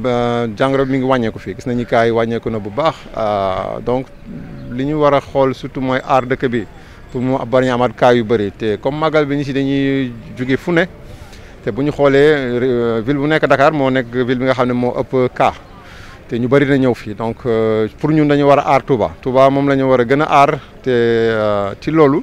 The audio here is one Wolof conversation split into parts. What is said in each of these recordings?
ba bi mi ngi wàññeeku fii gis nañu yi wàññeeku na bu baax euh, donc li ñu war a xool surtout mooy aar dëkk bi pour mu bari ñu amaat kaay yu bëri te comme magal bi ñu si dañuy jóge fu ne te bu ñu xoolee euh, ville bu nekk dakaar moo nekk ville bi nga xam ne moo ëpp cas te ñu bëri na ñëw fii donc euh, pour ñun dañu war a aar Touba Touba moom la ñu war a gën a aar te ci loolu.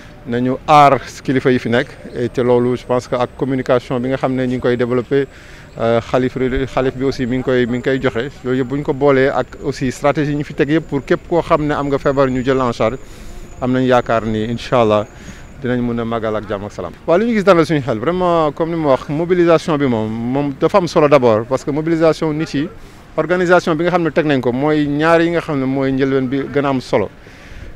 nañu aar kilifa yi fi nekk et loolu je pense que ak communication bi nga xam ne ñu ngi koy développé euh, xalif xalif bi aussi mi ngi koy mi ngi koy joxe yooyu yëpp bu ñu ko boolee ak aussi stratégie ñu fi teg yëpp pour képp koo xam ne am nga feebar ñu jël en am nañ yaakaar ni incha allah dinañ mën a màggal ak jàmm ak salaam. waaw li ñu gis dalal suñu xel vraiment comme ni mu wax mobilisation bi moom moom dafa am solo d' parce que mobilisation nit yi organisation bi nga xam ne teg nañ ko mooy ñaar yi nga xam ne mooy njëlbeen bi gën am solo.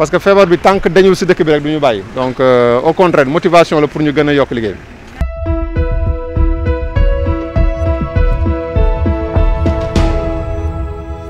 parce que février bi tant que dañul si dëkk bi rek duñu bayyi bàyyi donc euh, au contraire motivation la pour ñu gëna yok yokk liggéey